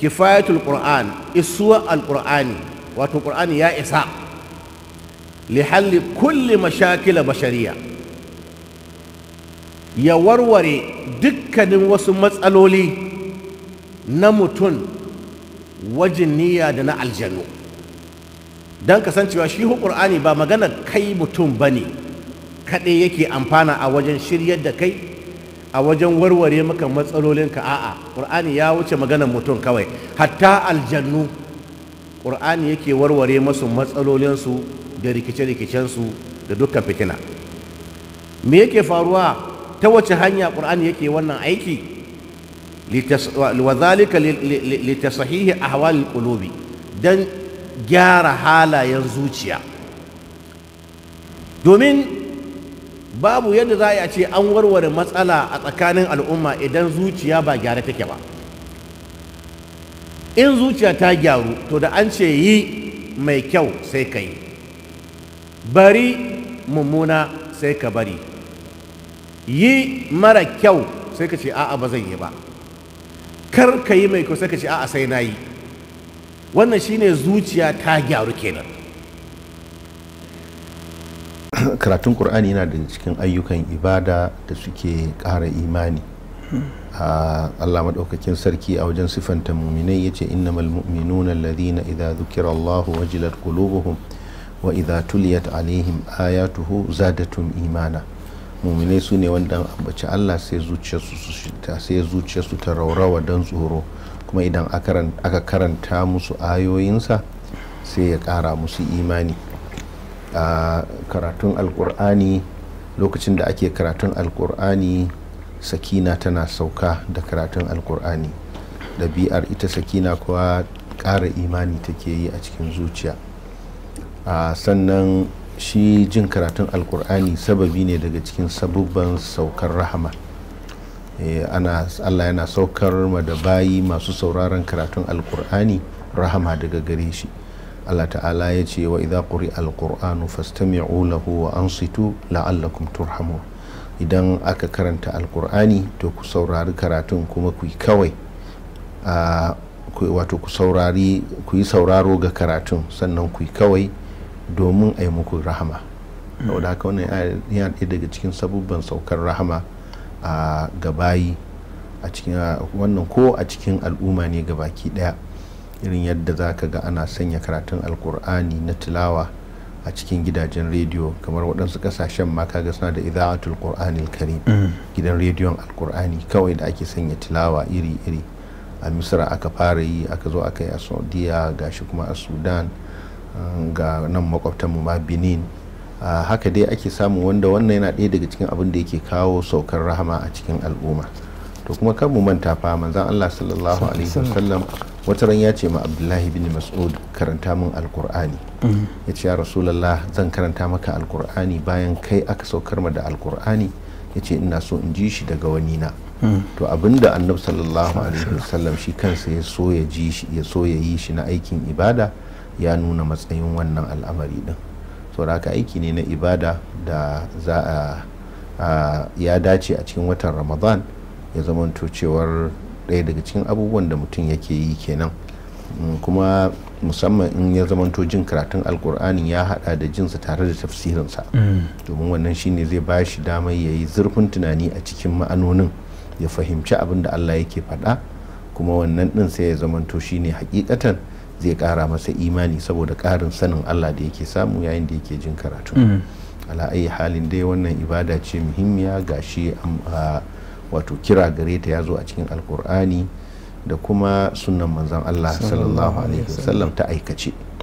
kifayatul qur'an isuwa alqur'ani wato qur'ani ya isa li halli kulli mashakila bashariya ya warware dukkanin wasu matsaloli na mutum wajen niyya da na aljanu don kasancewa shi qur'ani ba magana kai mutum ba ne kaɗai yake amfana a wajen shiryar da kai a wajen warware maka matsalolinka a'a ƙur'ani ya wuce maganar mutum kawai hatta aljannu ƙur'ani yake warware masu matsalolinsu da rikice-rikicensu da dukkan fitina me yake faruwa ta wace hanya ƙur'ani yake wannan aiki wazalika zalika litasahihi ahwalil qulubi dan gyara halayen zuciya domin babu yadda za a ce an warware matsala a tsakanin al'umma idan zuciya ba gyara take ba in zuciya ta gyaru to da an ce yi mai kyau sai ka yi bari mummuna sai ka bari yi mara kyau sai ka ce a'a ba zan yi ba kar ka yi mai kyau sai ka ce a'a sai na yi wannan shine zuciya ta gyaru kenan karatun qur'ani yana da cikin ayyukan ibada da suke ƙara imani Allah maɗaukakin sarki a wajen sifanta muminai ya ce innamal mu'minuna alladhina idan zukira Allahu wajilat qulubuhum wa idan tuliyat alaihim ayatuhu zadatum imana muminai su ne wanda ambaci Allah sai zuciyarsu ta raurawa don tsoro kuma idan aka karanta musu ayoyinsa sai ya ƙara musu imani a karatun alkur'ani lokacin da ake karatun alkur'ani sakina tana sauka da karatun alkur'ani ɗabi'ar ita sakina kuwa ƙara imani take yi a cikin zuciya a sannan shi jin karatun alkur'ani sababi ne daga cikin sabubban saukar rahama e, ana allah yana saukar ma da bayi masu sauraron karatun alkur'ani rahama daga gare shi Allah ta'ala ya ce wa idza quri alqur'anu fastami'u lahu wa ansitu la'allakum turhamun idan aka karanta alqur'ani to ku saurari karatun kuma ku kawai wato ku saurari ku yi sauraro ga karatun sannan ku kawai domin a yi muku rahama saboda haka wannan yana ɗaya daga cikin sabubban saukar rahama ga bayi a cikin wannan ko a cikin al'umma ne ga baki ɗaya irin yadda za ka ga ana sanya karatun alkur'ani na tilawa a cikin gidajen rediyo kamar waɗansu ƙasashen maka ga suna da idatul qur'anil karim mm. gidan rediyon alkur'ani kawai da ake sanya tilawa iri-iri a misra aka fara yi aka zo aka yi a saudiya shi kuma a sudan um, ga nan mu ma benin haka dai ake samu wanda wannan yana ɗaya daga cikin abin da yake kawo saukar rahama a cikin al'umma to kuma kan mu manta fa manzon allah sallallahu alaihi wasallam wata ran ya ce ma abdullahi bin mas'ud karanta min alkur'ani mm-hmm. ya ce ya rasulallah zan karanta maka alkur'ani bayan kai aka saukar ma da alkur'ani ya ce ina so in ji shi daga wani na mm. to abinda annabi sallallahu alaihi wasallam shi kansa ya so ya ji shi ya so ya yi shi na aikin ibada ya nuna matsayin wannan al'amari din aka aiki ne na ibada da za a ya dace a cikin watan ramadan ya zamanto cewar ɗaya daga cikin abubuwan da mutum yake yi kenan mm, kuma musamman in ya zamanto jin karatun alkur'ani ya hada da jinsa tare da tafsirinsa mm. domin wannan shine zai ba shi damar ya yi zurfin tunani a cikin ma'anonin ya fahimci abin da allah yake faɗa kuma wannan ɗin sai ya zamanto shine hakikatan zai ƙara masa imani saboda ƙarin sanin allah da yake samu yayin da yake jin karatu mm. ala halin dai wannan ibada ce muhimmiya gashi shi. wato kira gare ta ya zo a cikin alkur'ani da kuma sunan manzan allah sallallahu alaihi wasallam ta aikace